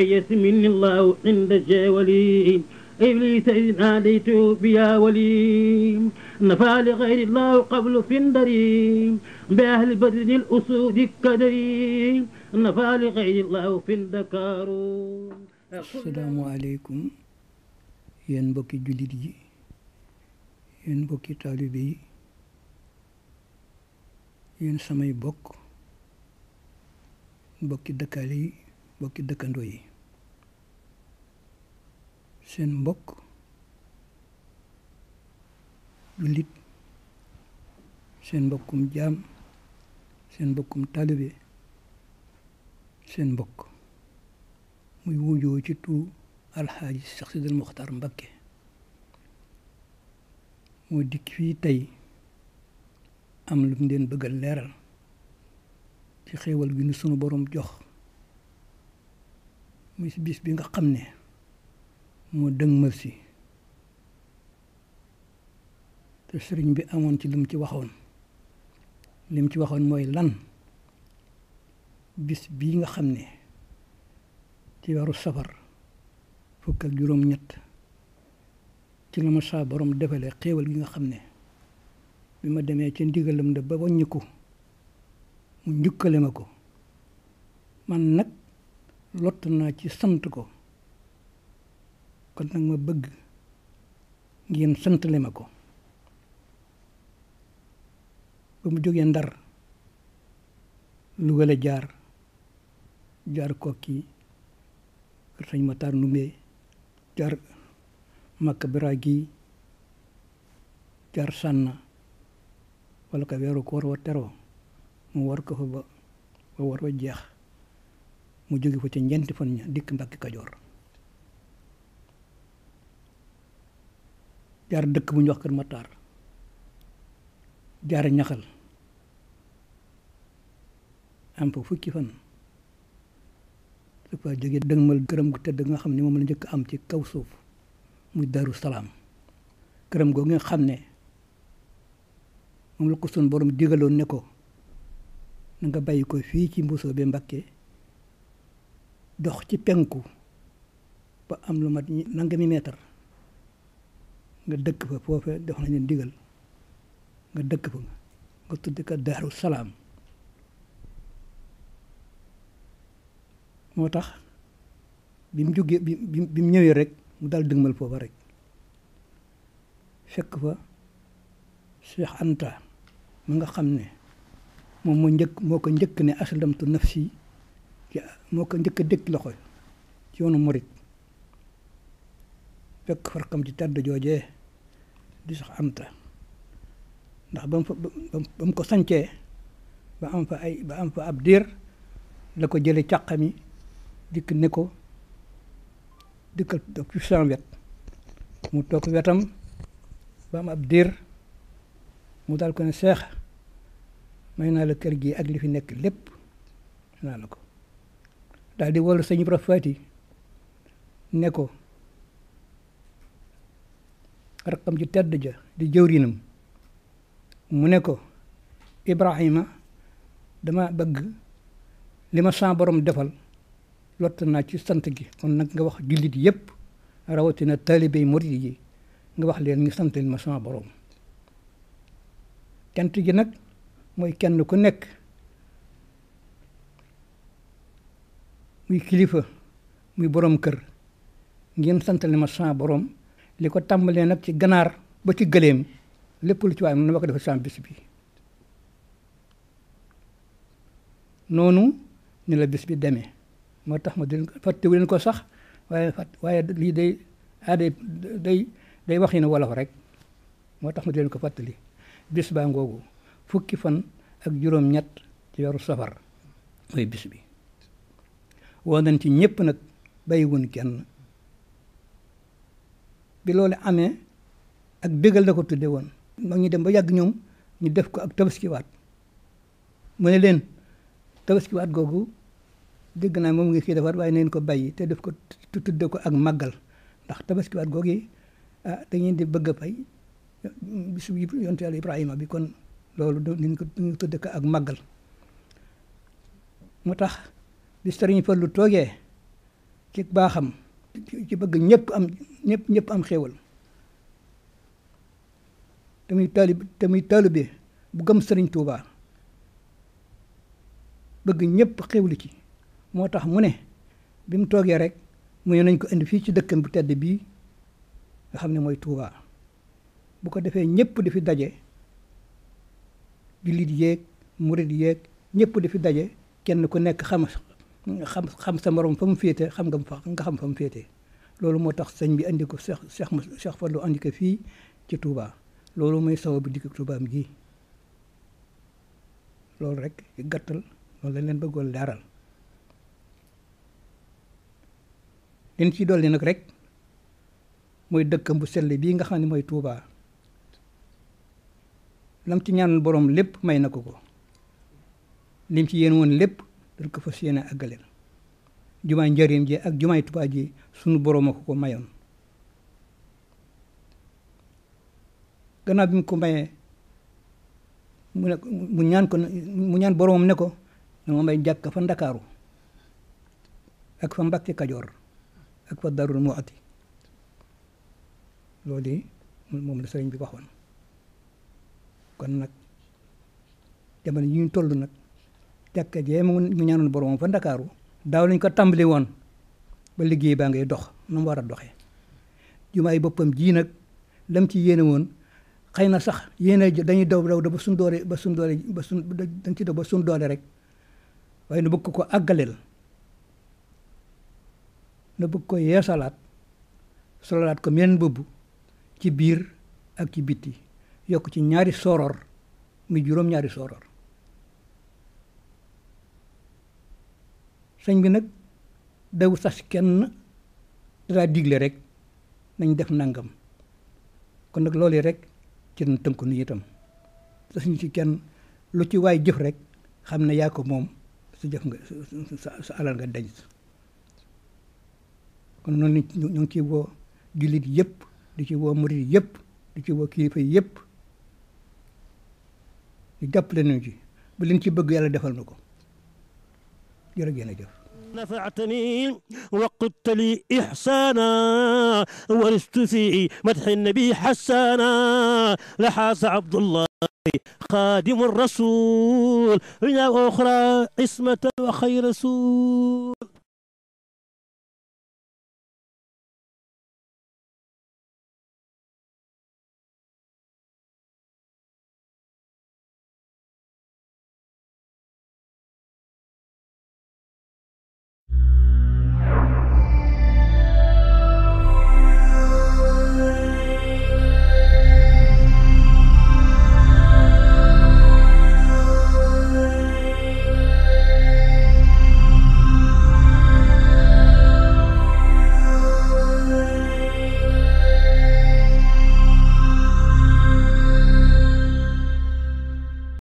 قيس مني الله عند جولي إبليس إذ ناديت بيا ولي نفى لغير الله قبل فندري بأهل بدن الأسود كدري نفى لغير الله فندكار السلام عليكم yéen mbokki jullit yi yéen mbokki taalibe yi yéen samay bokk mbokki dëkkaale yi mbokki dëkkandoo yi seen mbokk jullit seen mbokkum jaam seen mbokkum taalibe seen mbokk muy wujoo ci tur alxaaji Seex Sidil Muxtaar Mbakke moo dikk fii tey am lu mu leen bëgga leeral ci xéewal gi nu sunu boroom jox mu si bis bi nga xam ne mu dëgmal si te sëriñ bi amoon ci lim ci waxoon lim ci waxoon mooy lan bis bii nga xam ne ci waru safar fukk ak juróom-ñett ci la ma saa borom defalee xéewal gi nga xam ne bi ma demee ci ndigalam da ba wàññiku mu njukkale ma ko man nag lott naa ci sant ko kon ma bëgg ngeen santale ma ko mu jógee ndar lu wala jaar jaar kokki kër sëñ Matar Numbe jaar Makka Biragi jaar Sànna wala ko weeru koor wa teroo mu war ko fa ba war wa jeex mu jóge fa ca ñeenti fan ña dikk Mbàkke Kajoor jaar dëkk bu ñu wax Kër Matar jaar ñaxal am fa fukki fan su fa jógee ma këram gu tëdd nga xam ne moom la njëkk am ci kaw suuf muy Daru Salaam këram googu nga xam ne moom la ko sun borom digaloon ne ko na nga bàyyi ko fii ci mbusoo be Mbakke dox ci penku ba am lu mat nangami meetar nga dëkk fa foofe def nañu ndigal nga dëkk fa nga tudde ko daaru moo tax bi mu jógee bi bi mu ñëwee rek mu daal dëgmal foofa rek fekk fa Cheikh Anta mu nga xam ne moom moo njëkk moo ko njëkk ne aslamtu nafsi moo ko njëkk a dëkk loxo ci yoonu murit fekk farkam ci tedd joojee di sax anta ndax ba mu ko sance ba am fa ay ba am fa ab diir la ko jële càqami dikk ne ko dikkal toog ci san wet mu took wetam ba am ab diir mu daal ko ne seex may naa la kër gi ak li fi nekk lépp naa la ko daal di wolu sëñ Faati ne ko rakam ju tedd ja di jëwriinam mu ne ko Ibrahima dama bëgg li ma sa borom defal lott naa ci sant gi kon nag nga wax jullit yëpp rawatina taalibey murid yi nga wax leen ñu sant li ma sa borom cant gi nag mooy kenn ku nekk muy kilifa muy borom kër ngeen sant li ma sa borom li ko tàmbalee nag ci ganaar ba ci gëleem lépp lu ci waay na ma ko defee sama bis bi noonu ni la bis bi demee moo tax ma di ko sax waaye waaye lii ah, day day day wax yi ne rek moo tax ma di ko fàttali bis ngoogu fukki fan ak juróom-ñett ci weeru safar mooy bis bi woo nañ ci ñëpp nag bàyyiwun kenn bi loolu amee ak bégal la ko tudde woon mag ñu dem ba yàgg ñoom ñu def ko ak tabaskiwaat mu ne leen tabaskiwaat googu dégg naa moom ngi kii defaat waaye neen ko bàyyi te def ko tudde ko ak màggal ndax tabaskiwaat googu yi ah dañuy di bëgg a fay bisu yontu yàlla Ibrahima bi kon loolu dañ ko tudde ko ak màggal mu tax bi sëriñ Fallu toogee ci baaxam ci bëgg ñëpp ñépp ñëpp am xéewal te muy taalib bu gëm sëriñ Tuuba bëgg ñëpp xéewlu ci moo tax mu ne bi mu toogee rek mu ne nañ ko indi fii ci dëkkam bu tedd bii nga xam ne mooy Tuuba bu ko defee ñëpp di fi daje jullit yéeg murit yéeg ñëpp di fi daje kenn ku nekk xam xam xam sa morom fa mu féete xam nga fa nga xam fa mu féete loolu moo tax sëñ bi andi ko Cheikh Cheikh Cheikh Fallou andi ko fii ci Touba loolu mooy sababu dikk Toubaam ji loolu rek gàttal loolu lañ leen bëggoon daaral liñ ci dolli nag rek mooy dëkkam bu sell bii nga xam ne mooy Touba lam ci ñaanal boroom lépp may na ko ko lim ci yéen woon lépp dañ ko fas yéene àggaleel jumaay njëriñ ji ak jumaay Tuubaa ji sunu boro a ko ko mayoon gannaaw bi ko mayee mu ne mu ñaan ko mu ne ko dama may jàkk fa Ndakaaru ak fa Mbàkke Kajoor ak fa Darul Muxti loolu moom la sëriñ bi waxoon kon nag jamono yi ñu toll nag jàkka jee mu ñaanoon boromam fa Ndakaaru daaw lañ ko tàmbali woon ba liggéey baa ngay dox nu mu war a doxe jumaay boppam jii nag lam ci yéene woon xëy na sax yéene dañuy daw daw ba suñ doole ba suñ ba suñ dañ ci daw ba suñ doole rek waaye na bëgg ko àggaleel na bëgg ko yeesalaat sololaat ko meneen bëbb ci biir ak ci bitti yokk ci ñaari sooroor muy juróom ñaari sooroor sëñ bi nag daw sas kenn daa digle rek nañ def nangam kon nag loolu rek ci lañ tënku ni itam sas ñu ci kenn lu ci waay jëf rek xam na yaa ko moom su jëf nga sa alal nga denc kon noonu ñu ngi ci woo jullit yëpp di ci woo murit yëpp di ci woo kilifa yëpp jàpp leen ñu ci ba liñ ci bëgg yàlla defal na ko jërë ngeen jëf نفعتني وقدت لي إحسانا ورثت في مدح النبي حسانا لحاس عبد الله خادم الرسول إلى أخرى عصمة وخير رسول